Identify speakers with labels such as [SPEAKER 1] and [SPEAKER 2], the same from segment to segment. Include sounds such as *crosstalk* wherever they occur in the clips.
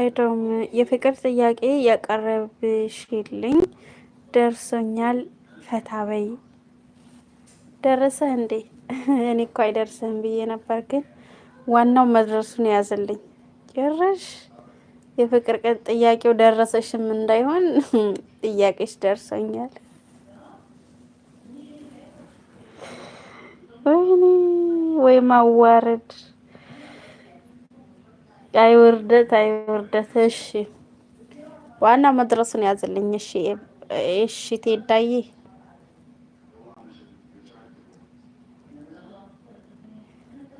[SPEAKER 1] ኤዶም የፍቅር ጥያቄ ያቀረብሽልኝ ደርሶኛል፣ ፈታ በይ። ደረሰህ እንዴ? እኔ እኮ አይደርስህም ብዬ ነበር፣ ግን ዋናው መድረሱን ያዘልኝ። ጭራሽ የፍቅር ጥያቄው ደረሰሽም እንዳይሆን ጥያቄሽ ደርሶኛል። ወይኔ ወይ ማዋረድ አይወርደት ውርደት እሺ ዋና መድረሱን ያዝልኝ። እሺ እሺ፣ ቴዳዬ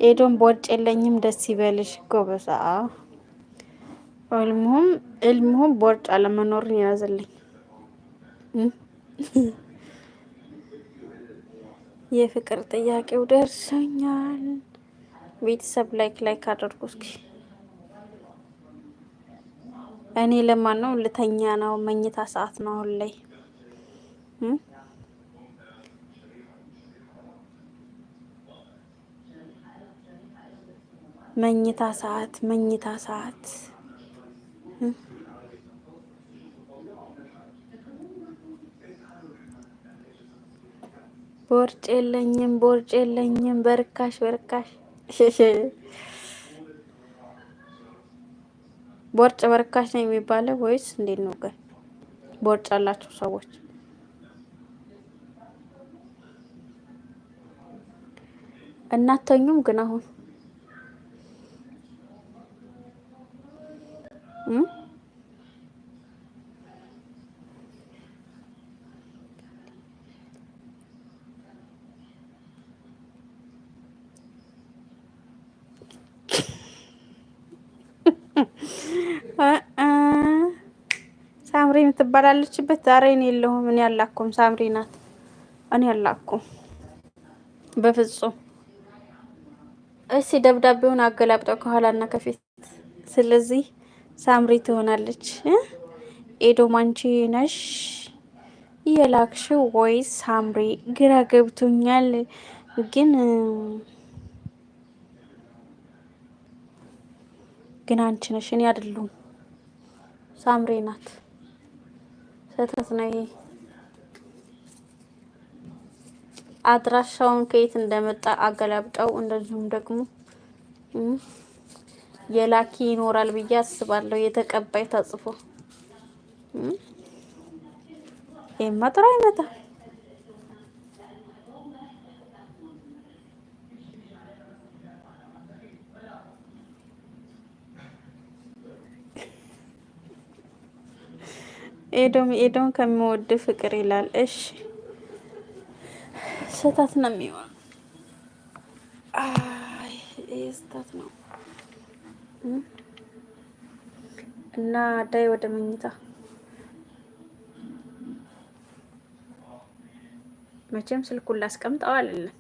[SPEAKER 1] ኤዶም በወጭ የለኝም። ደስ ይበልሽ ጎበዛ። እልሙም እልሙም ቦርጭ አለመኖርን ያዝልኝ። የፍቅር ጥያቄው ደርሰኛል። ቤተሰብ ላይክ ላይክ አድርጉ እስኪ እኔ ለማን ነው ልተኛ ነው መኝታ ሰዓት ነው አሁን ላይ መኝታ ሰዓት መኝታ ሰዓት ቦርጭ የለኝም ቦርጭ የለኝም በርካሽ በርካሽ *laughs* ቦርጭ በርካሽ ነው የሚባለው ወይስ እንዴት ነው ግን? ቦርጭ ያላቸው ሰዎች እናተኙም ግን አሁን የምትባላለችበት ዛሬ እኔ የለሁም። እኔ አላኩም፣ ሳምሪ ናት። እኔ አላኩም በፍጹም። እስኪ ደብዳቤውን አገላብጠው ከኋላና ከፊት። ስለዚህ ሳምሪ ትሆናለች። ኤዶም አንቺ ነሽ የላክሽ ወይስ ሳምሪ? ግራ ገብቶኛል ግን ግን አንቺ ነሽ፣ እኔ አይደለሁም። ሳምሪ ናት። ስህተት ነው ይሄ። አድራሻውን ከየት እንደመጣ አገላብጠው፣ እንደዚሁም ደግሞ የላኪ ይኖራል ብዬ አስባለሁ። የተቀባይ ተጽፎ ይሄማ ጥሩ አይመጣም። ኤዶም ኤዶም ከሚወድ ፍቅር ይላል። እሺ ስህተት ነው የሚሆን ይህ ስህተት ነው እና አዳይ ወደ መኝታ መቼም ስልኩን ላስቀምጠው አለለን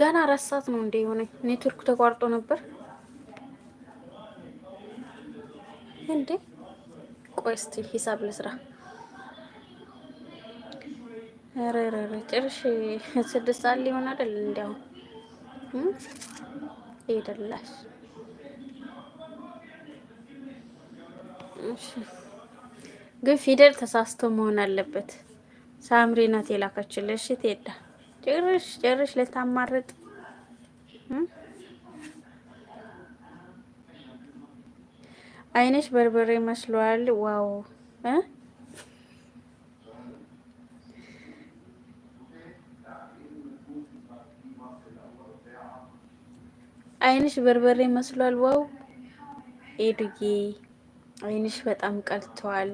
[SPEAKER 1] ገና አራት ሰዓት ነው እንደ የሆነ ኔትወርክ ተቋርጦ ነበር እንዴ። ቆይ እስኪ ሂሳብ ልስራ። ረረረ ጭርሽ ስድስት ሰዓት ሊሆን አይደል? እንዲያው ሄደላሽ። ግን ፊደል ተሳስቶ መሆን አለበት። ሳምሪ ናት የላከችልሽ። እሺ ትሄዳ ጭርሽ ጭርሽ ልታማርጥ አይንሽ በርበሬ መስሏል። ዋው አይንሽ በርበሬ መስሏል። ዋው ኤዱዬ አይንሽ በጣም ቀልቷል።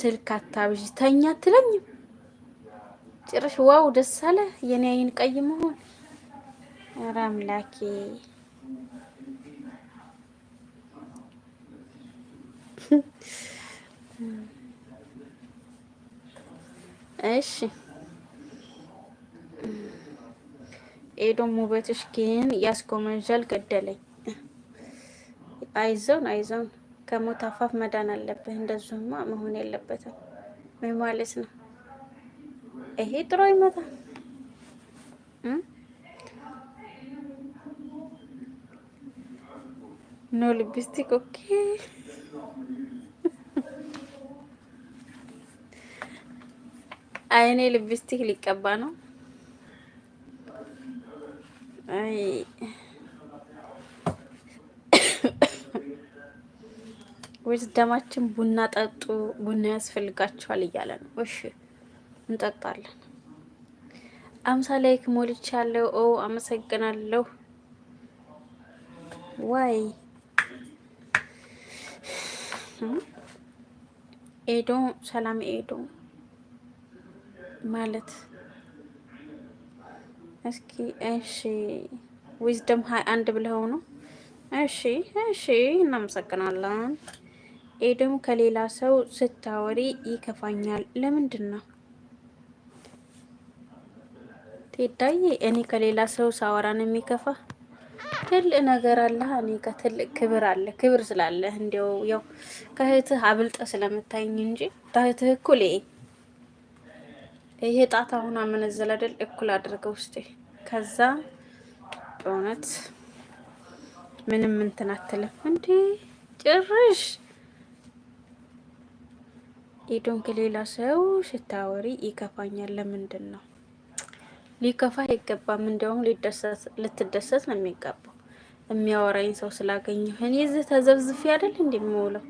[SPEAKER 1] ስልክ አታብዥ ተኛ አትለኝም። ጭርሽ ዋው ደስ አለ። የኔ አይን ቀይ መሆን ኧረ አምላኬ እሺ ኤዶም ውበትሽ ግን ያስጎመዣል፣ ገደለኝ። አይዞን አይዞን፣ ከሞት አፋፍ መዳን አለብህ። እንደዚሁማ መሆን የለበትም። ምን ማለት ነው? ይሄ ጥሩ ይመጣ ኖ ሊፕስቲክ ኦኬ። አይኔ ሊፕስቲክ ሊቀባ ነው። አይ ወይስ ደማችን ቡና ጠጡ፣ ቡና ያስፈልጋችኋል እያለ ነው። እሺ እንጠጣለን። አምሳ ላይክ ሞልቻለሁ። ኦ አመሰግናለሁ። ዋይ ኤዶ ሰላም ኤዶ ማለት እስኪ እሺ፣ ዊዝደም ሀይ አንድ ብለው ነው። እሺ እሺ፣ እናመሰግናለን። ኤዶም ከሌላ ሰው ስታወሪ ይከፋኛል። ለምንድን ነው? ቴዳዬ እኔ ከሌላ ሰው ሳወራን የሚከፋ ትልቅ ነገር አለ። እኔ ከትልቅ ክብር አለ። ክብር ስላለ እንዲው ያው ከእህትህ አብልጠ ስለምታይኝ እንጂ ታህትህ እኩል ይሄ ጣት አሁን አመነዘለ አይደል እኩል አድርገው ውስጤ ከዛ በእውነት ምንም እንትን አትልም እንዴ ጭራሽ ከሌላ ሰው ስታወሪ ይከፋኛል። ለምንድን ነው ሊከፋ አይገባም። እንዲያውም ልትደሰት ነው የሚገባው። የሚያወራኝ ሰው ስላገኘሁ እኔ እዚህ ተዘብዝፌ አይደል እንደምውለው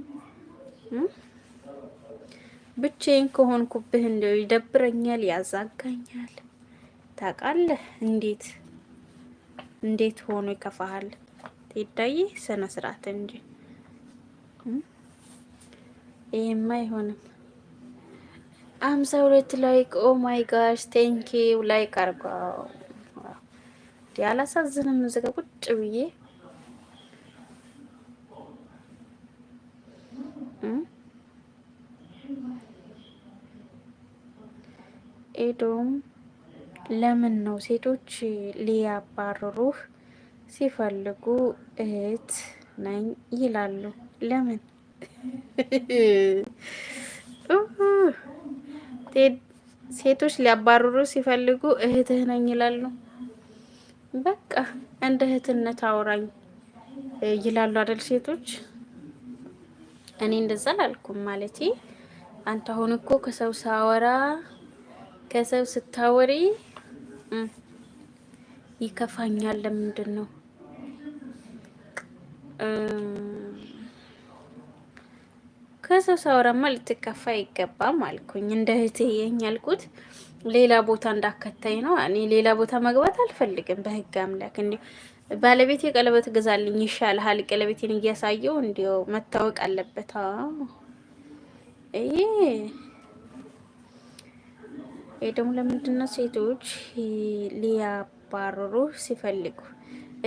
[SPEAKER 1] ብቻዬን ከሆንኩብህ እንደው ይደብረኛል፣ ያዛጋኛል። ታውቃለህ እንዴት እንዴት ሆኖ ይከፋሃል። ቴዳዬ ስነ ስርዓት እንጂ ይህማ አይሆንም። አምሳ ሁለት ላይክ ኦ ማይ ጋሽ ቴንክ ዩ ላይክ አርጓው። አላሳዝንም ዘጋ ቁጭ ብዬ ኤዶም ለምን ነው ሴቶች ሊያባርሩህ ሲፈልጉ እህት ነኝ ይላሉ? ለምን ሴቶች ሊያባርሩ ሲፈልጉ እህትህ ነኝ ይላሉ። በቃ እንደ እህትነት አውራኝ ይላሉ አደል ሴቶች። እኔ እንደዛ አላልኩም ማለቴ አንተ አሁን እኮ ከሰው ሳወራ ከሰው ስታወሪ ይከፋኛል። ለምንድን ነው ከሰው ሳውራማ ልትከፋ አይገባም አልኩኝ። እንደ እህትዬኝ ያልኩት ሌላ ቦታ እንዳከታይ ነው። እኔ ሌላ ቦታ መግባት አልፈልግም። በህግ አምላክ እንዲ ባለቤት የቀለበት ግዛልኝ ይሻልሃል። ቀለበቴን እያሳየው እንዲው መታወቅ አለበት። ይሄ ደግሞ ለምንድነው ሴቶች ሊያባረሩ ሲፈልጉ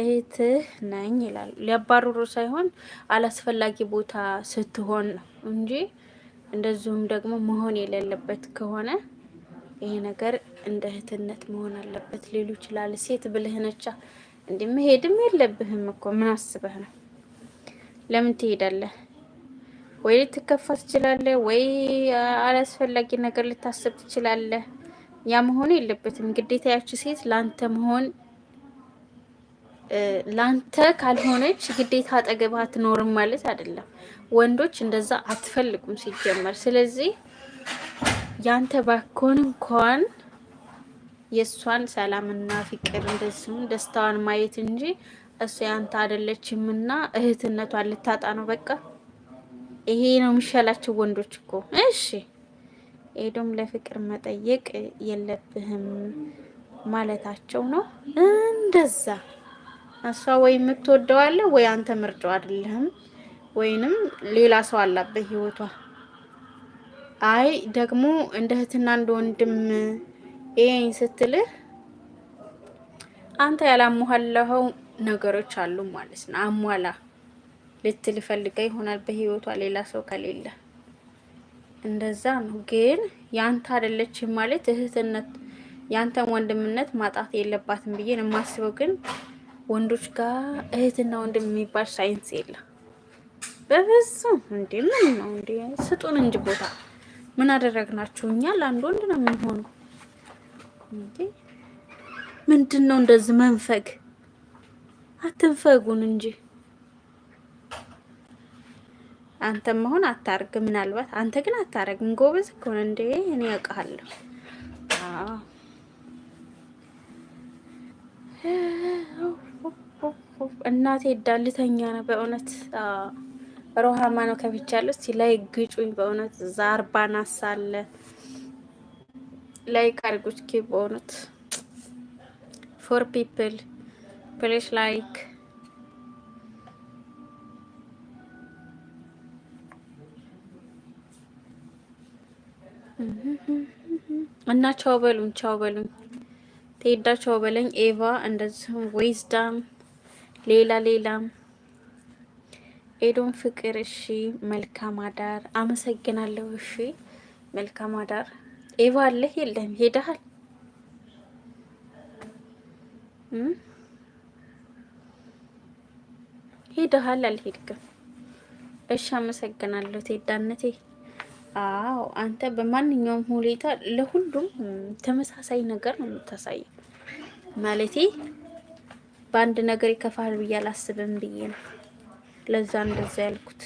[SPEAKER 1] እህትህ ነኝ ይላል ሊያባርሩ ሳይሆን አላስፈላጊ ቦታ ስትሆን ነው እንጂ እንደዚሁም ደግሞ መሆን የሌለበት ከሆነ ይሄ ነገር እንደ እህትነት መሆን አለበት ሊሉ ይችላል። ሴት ብልህ ነቻ እንዲህ መሄድም የለብህም እኮ ምን አስበህ ነው? ለምን ትሄዳለህ? ወይ ልትከፋ ትችላለህ፣ ወይ አላስፈላጊ ነገር ልታስብ ትችላለህ። ያ መሆን የለበትም። ግዴታ ያቺ ሴት ለአንተ መሆን ላንተ ካልሆነች ግዴታ አጠገብህ አትኖርም ማለት አይደለም። ወንዶች እንደዛ አትፈልጉም ሲጀመር። ስለዚህ ያንተ ባኮን እንኳን የእሷን ሰላምና ፍቅር እንደዚሁም ደስታዋን ማየት እንጂ እሱ ያንተ አይደለችም እና እህትነቷን ልታጣ ነው። በቃ ይሄ ነው የሚሻላቸው ወንዶች እኮ። እሺ ሄዶም ለፍቅር መጠየቅ የለብህም ማለታቸው ነው እንደዛ እሷ ወይ ምትወደዋለ ወይ አንተ ምርጫው አይደለህም፣ ወይንም ሌላ ሰው አላበት ህይወቷ አይ ደግሞ እንደ እህትና እንደ ወንድም ይሄን ስትልህ አንተ ያላሟላኸው ነገሮች አሉ ማለት ነው። አሟላ ልትል ፈልጋ ይሆናል በህይወቷ ሌላ ሰው ከሌለ እንደዛ ነው። ግን ያንተ አይደለችም ማለት እህትነት፣ ያንተን ወንድምነት ማጣት የለባትም ብዬ ነው የማስበው ግን ወንዶች ጋር እህትና ወንድም የሚባል ሳይንስ የለም። በፍጹም እንዴ! ምን ነው እንዴ? ስጡን እንጂ ቦታ ምን አደረግናችሁ እኛ? ለአንድ ወንድ ነው የምንሆነው እንዴ? ምንድን ነው እንደዚህ መንፈግ? አትንፈጉን እንጂ አንተም መሆን አታርግ። ምናልባት አንተ ግን አታረግም። ጎበዝ ከሆነ ነህ እንዴ! እኔ ያውቃለሁ። አዎ እናቴ ዳልተኛ ነው በእውነት ሮሃማ ነው ከፍቻለሁ። እስቲ ላይ ግጩኝ በእውነት ዛርባ ናሳለ ላይ ቃርጎች ኬ በእውነት ፎር ፒፕል ፕሌስ ላይክ እና ቻው በሉኝ፣ ቻው በሉኝ፣ ተሄዳ ቻው በለኝ። ኤቫ እንደዚሁም ዌዝዳም ሌላ ሌላም ኤዶም ፍቅር እሺ፣ መልካም አዳር። አመሰግናለሁ። እሺ፣ መልካም አዳር። ኤቫ አለህ የለም? ሄደሃል? ሄደሃል? አልሄድክም? እሺ፣ አመሰግናለሁ። ቴዳነቴ አዎ፣ አንተ በማንኛውም ሁኔታ ለሁሉም ተመሳሳይ ነገር ነው የምታሳየው ማለቴ በአንድ ነገር ይከፋል ብዬ አላስብም ብዬ ነው። ለዛ እንደዛ ያልኩት።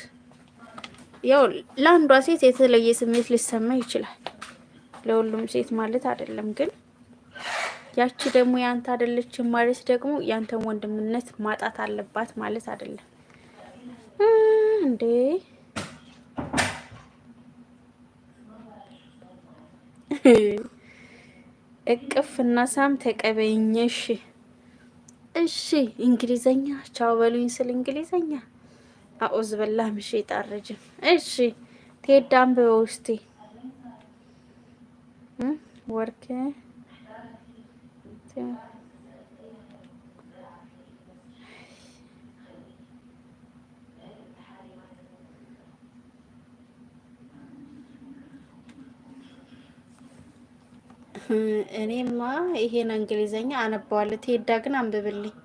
[SPEAKER 1] ያው ለአንዷ ሴት የተለየ ስሜት ሊሰማ ይችላል፣ ለሁሉም ሴት ማለት አይደለም። ግን ያቺ ደግሞ ያንተ አይደለችም ማለት ደግሞ ያንተን ወንድምነት ማጣት አለባት ማለት አይደለም እንዴ። እቅፍ እና ሳም ተቀበኘሽ። እሺ እንግሊዘኛ ቻው በሉኝ ስል እንግሊዘኛ አኡዝ በላ ምሽ ይጣረጅም። እሺ ቴዳ አንብበው እስቲ ወርኬ እኔማ ይሄን እንግሊዘኛ አነባዋለሁ። ትሄዳ ግን አንብብልኝ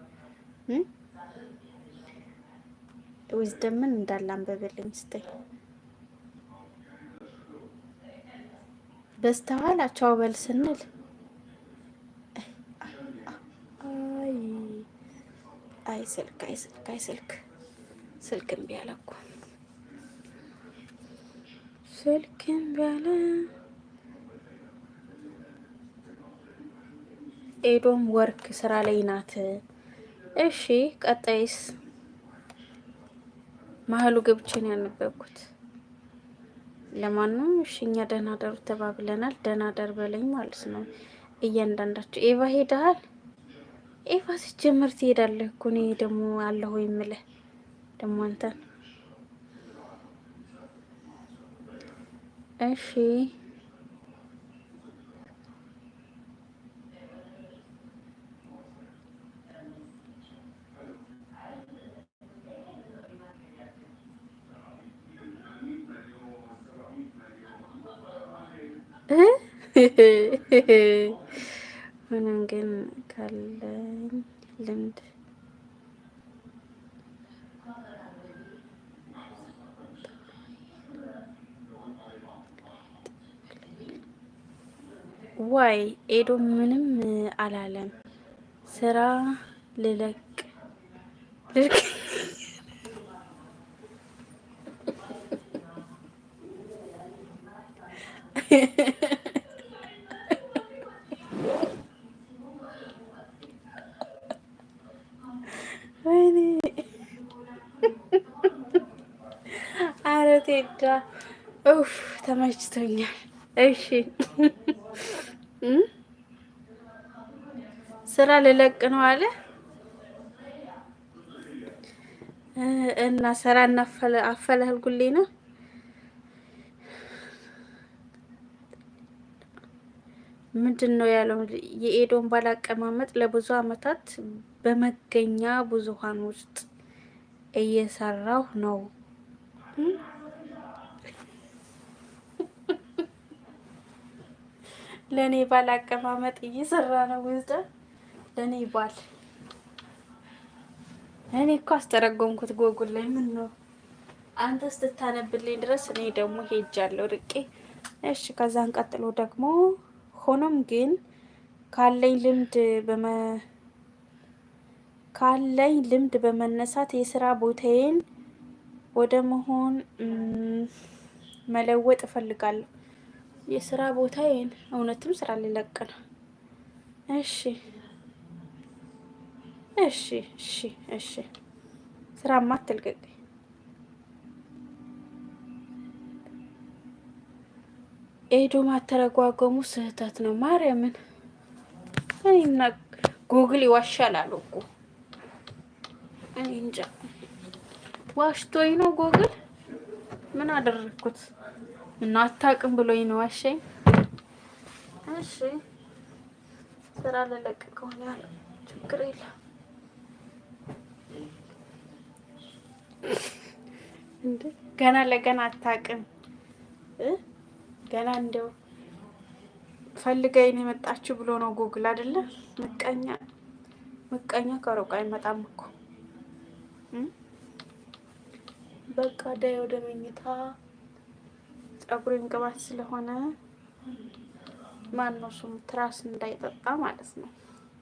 [SPEAKER 1] ዊዝደምን እንዳለ አንብብልኝ ስትይ በስተኋላ ቻው በል ስንል አይ ስልክ አይ ስልክ አይ ስልክ ስልክ እምቢ አለ እኮ ስልክ እምቢ አለ። ኤዶም ወርክ ስራ ላይ ናት። እሺ ቀጣይስ? መሀሉ ገብቼን ያነበብኩት ለማንም እሺ፣ እኛ ደህና ደሩ ተባብለናል። ደህና ደር በለኝ ማለት ነው እያንዳንዳቸው። ኤቫ ሄደሃል? ኤቫ ሲጀምር ትሄዳለህ እኮ እኔ ደግሞ አለሁ የምልህ ደግሞ አንተን እሺ ሆኖም *laughs* ግን ካለኝ ልምድ ዋይ ኤዶ ምንም አላለም። ስራ ልለቅ ልልክ ጸጋ ኡፍ ተመችቶኛል። እሺ ስራ ልለቅ ነው አለ እና ስራ እናፈለ አፈላል ነው ምንድን ነው ያለው? የኤዶን ባል አቀማመጥ ለብዙ አመታት በመገኛ ብዙሃን ውስጥ እየሰራሁ ነው። ለእኔ ባል አቀማመጥ እየሰራ ነው ውስጥ ለእኔ ባል እኔ እኮ አስተረጎምኩት ጎጉል ላይ ምን ነው አንተ ስትታነብልኝ ድረስ እኔ ደግሞ ሄጃለሁ ርቄ። እሺ ከዛን ቀጥሎ ደግሞ ሆኖም ግን ካለኝ ልምድ በመ ካለኝ ልምድ በመነሳት የስራ ቦታዬን ወደ መሆን መለወጥ እፈልጋለሁ። የስራ ቦታ ይሄን እውነትም ስራ ሊለቅ ነው። እሺ እሺ እሺ እሺ ስራ ማትልቀቅ ኤዶ ማተረጓጎሙ ስህተት ነው። ማርያምን እኔና ጉግል ይዋሻል አሉ እኮ እኔ እንጃ ዋሽቶኝ ነው። ጉግል ምን አደረግኩት? እና አታውቅም ብሎኝ ነው ዋሸኝ። እሺ ስራ ለለቅ ከሆነ ያለው ችግር የለም። ገና ለገና አታውቅም ገና እንደው ፈልገኝ የመጣችሁ ብሎ ነው ጉግል አይደለ? ምቀኛ ምቀኛ ከሩቅ አይመጣም እኮ። በቃ ዳይ ወደ መኝታ ጸጉሬም ቅባት ስለሆነ ማነው እሱም ትራስ እንዳይጠጣ ማለት ነው።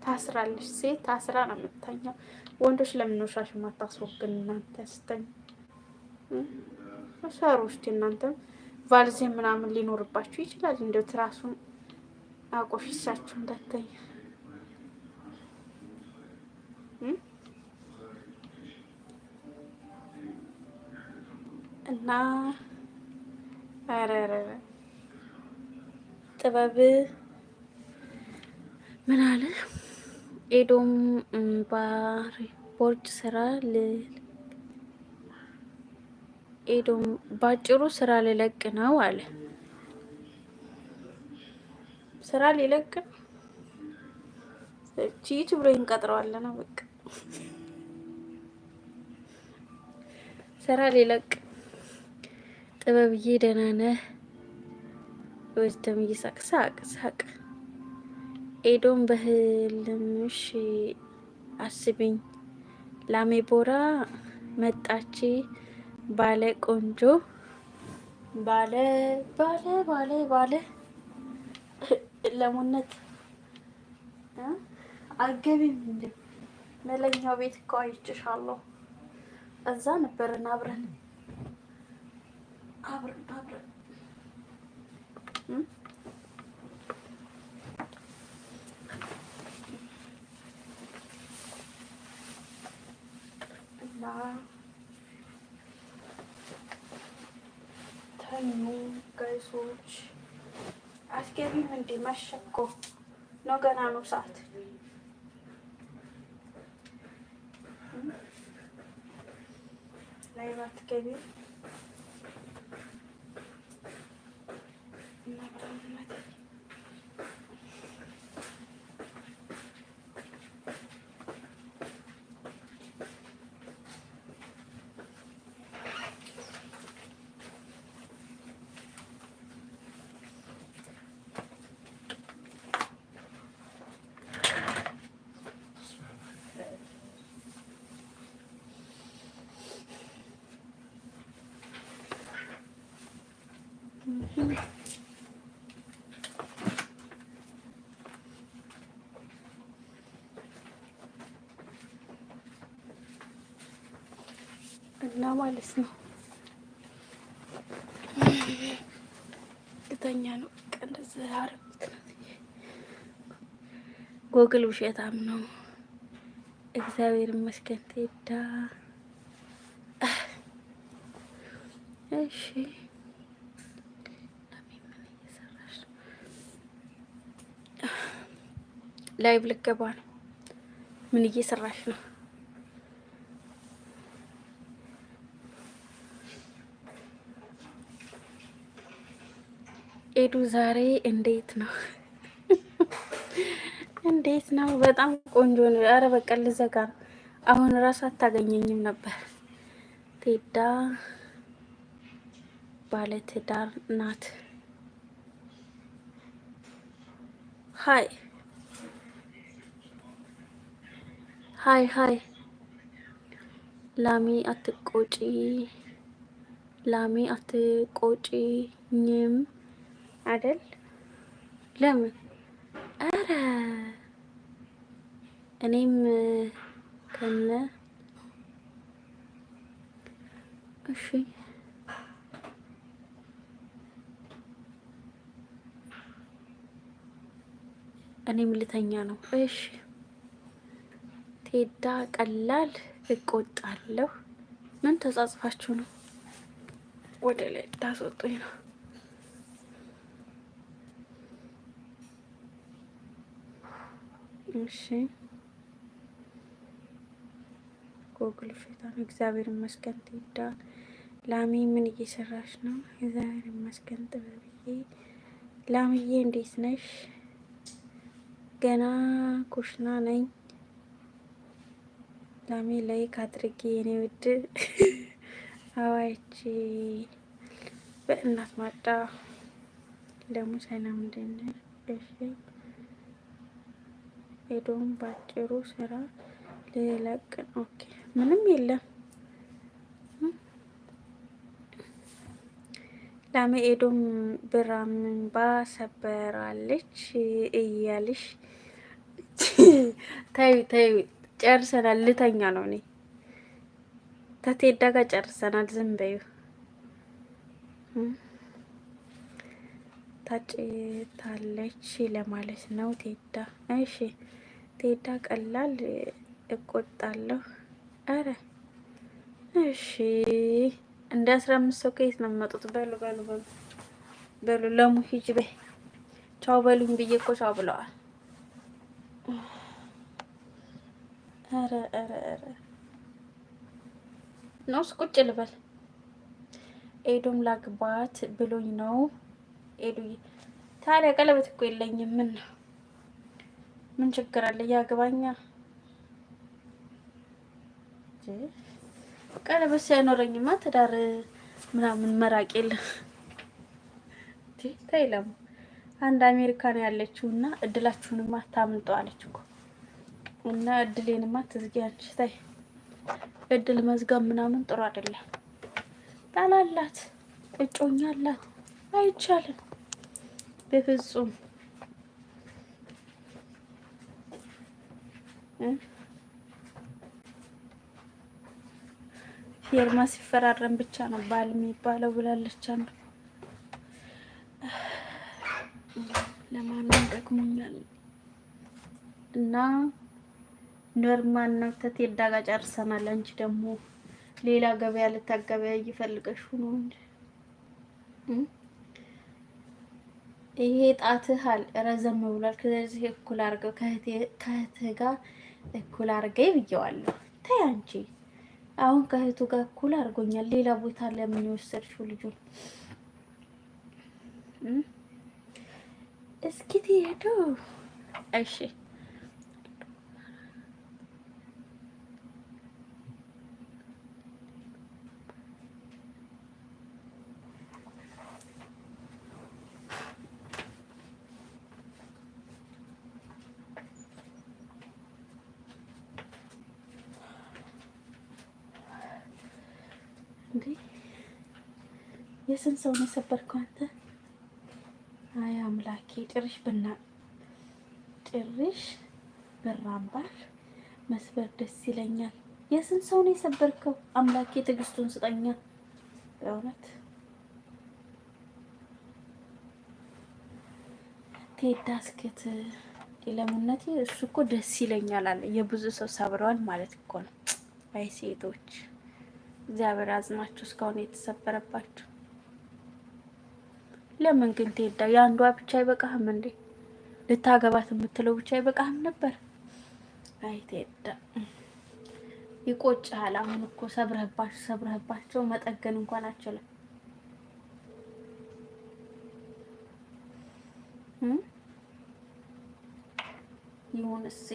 [SPEAKER 1] ታስራለች። ሴት ታስራ ነው የምታኛው። ወንዶች ለምን ውሻሽ ማታስወግን? እናንተ ስተኝ ሰሩ ውስጥ እናንተም ቫልዜ ምናምን ሊኖርባችሁ ይችላል። እንደው ትራሱን አቆፊሳችሁ እንዳትተኛ እና አረረረ ጥበብ ምን አለ? ኤዶም ቦርድ ስራ ኤዶም ባጭሩ ስራ ልለቅ ነው አለ። ስራ ሊለቅ ቺት ብሎ እንቀጥረዋለን። በቃ ስራ ሊለቅ ጥበብዬ ደህና ነህ? ወስተምዬ ሳቅ ሳቅ ሳቅ ኤዶም በህልምሽ አስቢኝ ላሜ ቦራ መጣች ባለ ቆንጆ ባለ ባለ ባለ ባለ ለሙነት አገቢም እንደ መለኛው ቤት እኮ አይችሻለሁ። እዛ ነበርን አብረን አብረን አብረን እና ተኙ ጋይሶች። አትገቢም እንዴ? መሸ ነው፣ ገና ነው ሰዓት ላይ አትገቢም እና ማለት ነው እርግጠኛ ነው። በቃ እንደዚህ አረብ ጎግል ውሸታም ነው። እግዚአብሔር ይመስገን። ቴዳ። እሺ ላይቭ ልገባ ነው። ምን እየሰራሽ ነው? ኤዱ ዛሬ እንዴት ነው? እንዴት ነው? በጣም ቆንጆ ነው። አረ በቃ ልዘጋ ነው። አሁን እራሱ አታገኘኝም ነበር። ቴዳ ባለትዳር ናት። ሀይ ሀይ ሀይ ላሚ አትቆጪ፣ ላሚ አትቆጪኝም አደል? ለምን አረ እኔም ከነ እሺ እኔም ልተኛ ነው። እሺ ሄዳ ቀላል እቆጣለሁ። ምን ተጻጽፋችሁ ነው? ወደ ላይ ታስወጡኝ ነው? እሺ ጎግል ነው። እግዚአብሔር ይመስገን። ትሄዳ ላሚ ምን እየሰራሽ ነው? እግዚአብሔር ይመስገን። ጥበብዬ ላሚዬ እንዴት ነሽ? ገና ኩሽና ነኝ። ላሜ ላይክ አድርጌ የኔ ውድ አዋይቺ በእናት ማጣ ለሙ ሰላም እንደነሽ እሺ ሄዶም ባጭሩ ስራ ልለቅ ኦኬ ምንም የለም ላሜ ኤዶም ብራምንባ ሰበራለች እያልሽ ተዩ ተዩ ጨርሰናል። ልተኛ ነው እኔ ተቴዳ ጋር ጨርሰናል። ዝም በዩ ታጭታለች ለማለት ነው። ቴዳ እሺ፣ ቴዳ ቀላል እቆጣለሁ። አረ እሺ፣ እንደ አስራ አምስት ሰው ከየት ነው የመጡት? በሉ በሉ በሉ በሉ፣ ለሙ ሂጅ በይ። ቻው በሉኝ ብዬ እኮ ቻው ብለዋል። ኧረ ኧረ ኧረ ነውስ ቁጭ ልበል። ኤዶም ላግባት ብሎኝ ነው። ኤዱዬ ታዲያ ቀለበት እኮ የለኝም። ምን ነው ምን ችግር አለ? ያግባኛ ቀለበት ሲያኖረኝማ ትዳር ምናምን መራቅ የለም። ተይለሙ አንድ አሜሪካን ያለችው እና እድላችሁንማ ታምልጠዋለች እኮ እና እድሌንማ ትዝጊያች ታይ እድል መዝጋብ ምናምን ጥሩ አይደለም። ባላላት እጮኛላት፣ አላት አይቻልም፣ በፍጹም ፊርማ ሲፈራረም ብቻ ነው ባል የሚባለው ብላለች አንዱ። ለማንም ጠቅሞኛል እና ኖርማ ነው። ተቴዳ ጋር ጨርሰናል። አንቺ ደግሞ ሌላ ገበያ ልታገበያ እየፈልገሽ ነው እንጂ ይሄ ጣትህ አል ረዘም ብሏል። ከዚህ እኩል አድርገው ከእህትህ ጋር እኩል አድርገኝ ብየዋለሁ። ተይ አንቺ አሁን ከእህቱ ጋር እኩል አድርጎኛል። ሌላ ቦታ ለምን የወሰድሽው ልጁን? እስኪ ትሄዱ እሺ የስንት ሰውን የሰበርከው አንተ? አይ አምላኬ፣ ጭርሽ ብና ጭርሽ ብራምባር መስበር ደስ ይለኛል። የስንት ሰው ሰውን የሰበርከው አምላኬ፣ ትዕግስቱን ስጠኛ በእውነት ቴዳ አስኬት የለሙነቴ እሱ እኮ ደስ ይለኛል አለ። የብዙ ሰው ሰብረዋል ማለት እኮ ነው። አይ ሴቶች እግዚአብሔር አዝናችሁ እስካሁን የተሰበረባችሁ ለምን ግን ቴዳ የአንዷ ብቻ አይበቃህም እንዴ? ልታገባት የምትለው ብቻ አይበቃህም ነበር? አይ ትሄዳ፣ ይቆጭሃል። አሁን እኮ ሰብረህባቸው ሰብረህባቸው መጠገን እንኳን አችልም። ይሁን እሴ